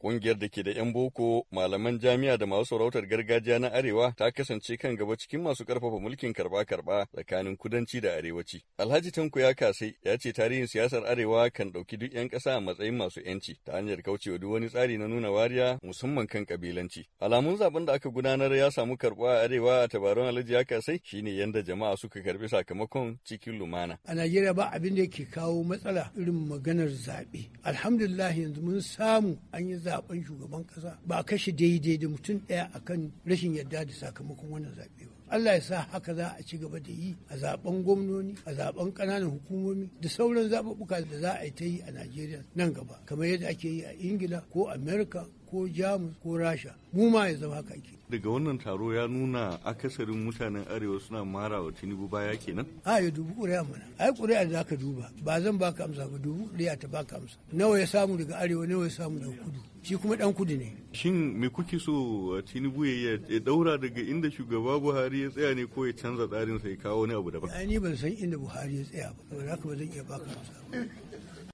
Ƙungiyar da ke da 'yan boko, malaman jami'a da masu sarautar gargajiya na Arewa ta kasance kan gaba cikin masu ƙarfafa mulkin karɓa-karɓa tsakanin kudanci da arewaci. Alhaji Tanko ya kasai ya ce tarihin siyasar Arewa kan ɗauki duk 'yan ƙasa a matsayin masu 'yanci ta hanyar kaucewa duk wani tsari na nuna wariya musamman kan ƙabilanci. Alamun zaben da aka gudanar ya samu karɓuwa a Arewa a tabarun Alhaji ya kasai shine yadda jama'a suka karɓi sakamakon cikin lumana. A Najeriya ba abin da ke kawo matsala irin maganar zaɓe. Alhamdulillah yanzu mun samu an yi zaben shugaban kasa ba a kashe daidai da mutum ɗaya akan rashin yarda da sakamakon wannan zaɓe ba Allah ya sa haka za a ci gaba da yi a zaben gwamnoni a zaben ƙananan hukumomi da sauran zaɓuɓɓuka da za a yi ta yi a Najeriya nan gaba kamar yadda ake yi a Ingila ko Amerika ko jamus ko rasha mu ma ya zama haka ake daga wannan taro ya nuna akasarin mutanen arewa suna mara wa tinubu baya kenan a ya dubu ƙuri'a mana ai ƙuri'a da aka duba ba zan baka amsa ba dubu ƙuri'a ta baka amsa nawa ya samu daga arewa nawa ya samu daga kudu shi kuma dan kudu ne shin me kuke so uh, tinubu ya daura daga inda shugaba buhari ya tsaya ne ko ya canza tsarin sai kawo wani abu daban ai ni ban san inda buhari ya tsaya ba saboda ba zan iya baka amsa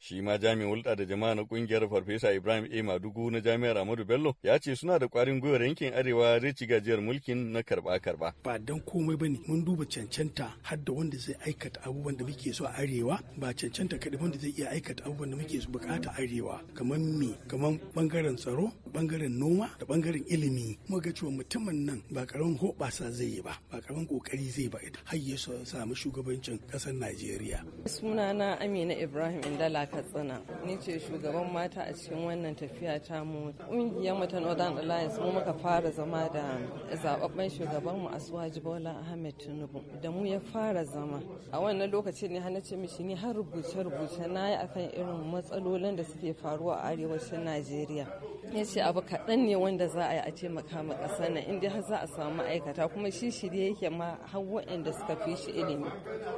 Shi ma jami'in hulɗa da jama'a na ƙungiyar Farfesa Ibrahim A. Madugu na Jami'ar Ahmadu Bello ya ce suna da ƙwarin gwiwar yankin Arewa zai ci gajiyar mulkin na karɓa-karɓa. Ba dan komai ba ne mun duba cancanta har da wanda zai aikata abubuwan da muke so a Arewa ba cancanta kaɗai wanda zai iya aikata abubuwan da muke so bukata Arewa kamar me kamar ɓangaren tsaro ɓangaren noma da ɓangaren ilimi kuma ga cewa mutumin nan ba karamin hoɓasa zai yi ba ba karamin ƙoƙari zai ba har ya samu shugabancin ƙasar Najeriya. Sunana Amina Ibrahim Indala katsina ni ce shugaban mata a cikin wannan tafiya ta mu ƙungiyar mata ta northern alliance mu muka fara zama da zababben shugaban mu asuwaji bola ahmed tinubu da mu ya fara zama a wannan lokacin ne hana ce mishi ni har rubuce rubuce na yi akan irin matsalolin da suke faruwa a arewacin najeriya ya ce abu kaɗan ne wanda za a yi a taimaka ma ƙasar nan inda har za a samu ma'aikata kuma shi shirye yake ma har waɗanda suka fi shi ilimi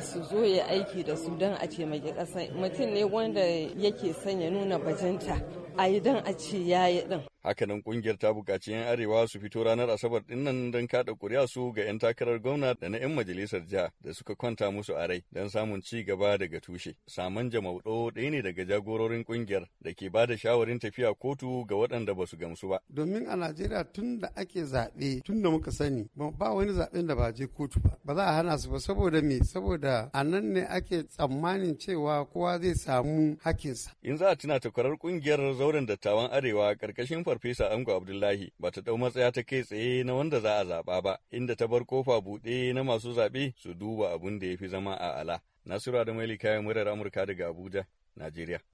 su zo ya aiki da su don a taimaki ƙasar mutum ne wanda yake son ya nuna bajinta a yi don a ce ya yi ɗin Hakanan kungiyar ta buƙaci 'yan arewa su fito ranar Asabar dinnan don kada kuri'a su ga 'yan takarar gwamna da na 'yan majalisar jiha da suka kwanta musu a rai don samun ci gaba daga tushe. Saman Jamaudo ɗaya ne daga jagororin kungiyar da ke ba da shawarin tafiya kotu ga waɗanda ba su gamsu ba. Domin a Najeriya tun da ake zaɓe tun da muka sani ba wani zaɓen da ba je kotu ba. Ba za a hana su ba saboda me saboda a nan ne ake tsammanin cewa kowa zai samu hakinsa. In za a tuna takwarar kungiyar zauren dattawan arewa ƙarƙashin Farfesa Ango Abdullahi ba ta ɗau matsaya ta kai tsaye na wanda za a zaɓa ba, inda ta bar kofa buɗe na masu zaɓe su duba abun da ya fi zama a ala. Nasiru Adamali kayan murar Amurka daga Abuja, Najeriya.